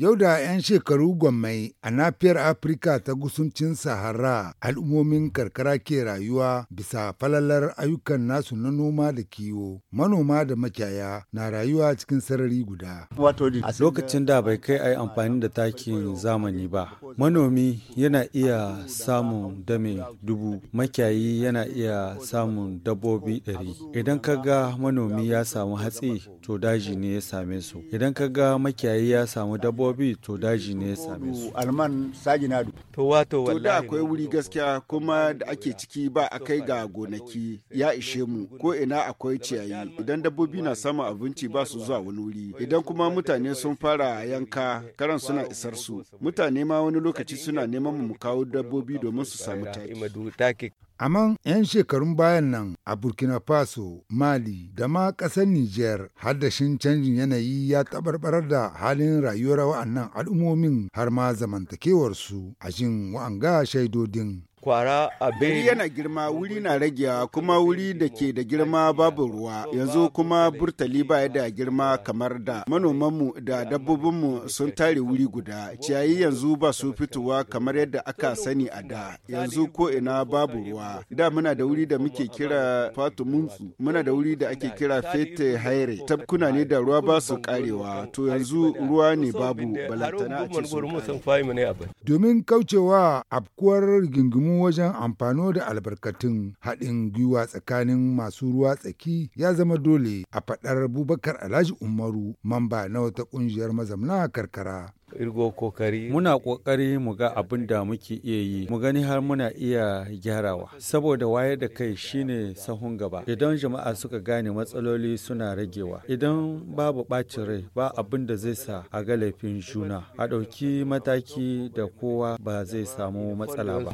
Yau da 'yan shekaru gwammai a nafiyar Afirka ta gusuncin Sahara al'ummomin karkara ke rayuwa bisa falalar ayyukan nasu na noma da kiwo. Manoma da makiyaya na rayuwa cikin sarari guda. A lokacin da bai kai ai amfani da takin zamani ba, manomi yana iya samun dame dubu, makiyayi yana iya samun dabbobi ɗari. Idan ka ga manomi ya samu hatsi, to daji ne ya same su. Idan ka ga makiyayi ya samu dabbobi dabbobi to daji ne ya same su alman saginadu to wato wallahi to da akwai wuri gaskiya kuma da ake ciki ba a kai ga gonaki ya ishe mu ko ina akwai ciyayi idan dabbobi na samun abinci ba su zuwa wani wuri idan kuma mutane sun fara yanka karan suna isar su mutane ma wani lokaci suna neman mu kawo dabbobi domin su samu taki amma 'yan shekarun bayan nan a Burkina Faso, Mali da ma ƙasar Nijar haddashin canjin yanayi ya tabarbarar da halin rayuwar wa'annan al'ummomin har ma zamantakewarsu a jin wa'anga shaidodin. kwara abin wuri yana girma wuri na ragewa kuma wuri da ke da girma babu ruwa yanzu kuma burtali baya da girma kamar da manomanmu da dabbobinmu sun tare wuri guda ciyayi yanzu ba su fitowa kamar yadda aka sani a da yanzu ko ina babu ruwa da muna da wuri da muke kira fatumunsu muna da wuri da ake kira fete haire tabkuna ne da ruwa ba su karewa to yanzu ruwa ne babu balatana a domin kaucewa afkuwar rigingimu damu wajen amfano da albarkatun haɗin gwiwa tsakanin masu ruwa tsaki ya zama dole a faɗar Bubakar Alhaji Umaru mamba na wata ƙungiyar mazamna karkara. kokari Muna ƙoƙari mu ga abin da muke iya yi, mu gani har muna iya gyarawa. Saboda wayar da kai shine sahun gaba. Idan jama'a suka gane matsaloli suna ragewa. Idan babu ɓacin rai ba abin da zai sa a ga laifin juna. A ɗauki mataki da kowa ba zai samu matsala ba.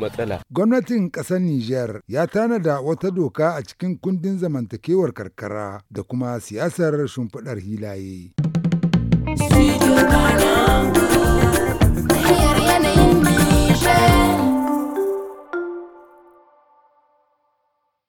matsala. Gwamnatin ƙasar Nijar ya tanada wata doka a cikin kundin zamantakewar karkara da kuma siyasar shimfiɗar hilaye.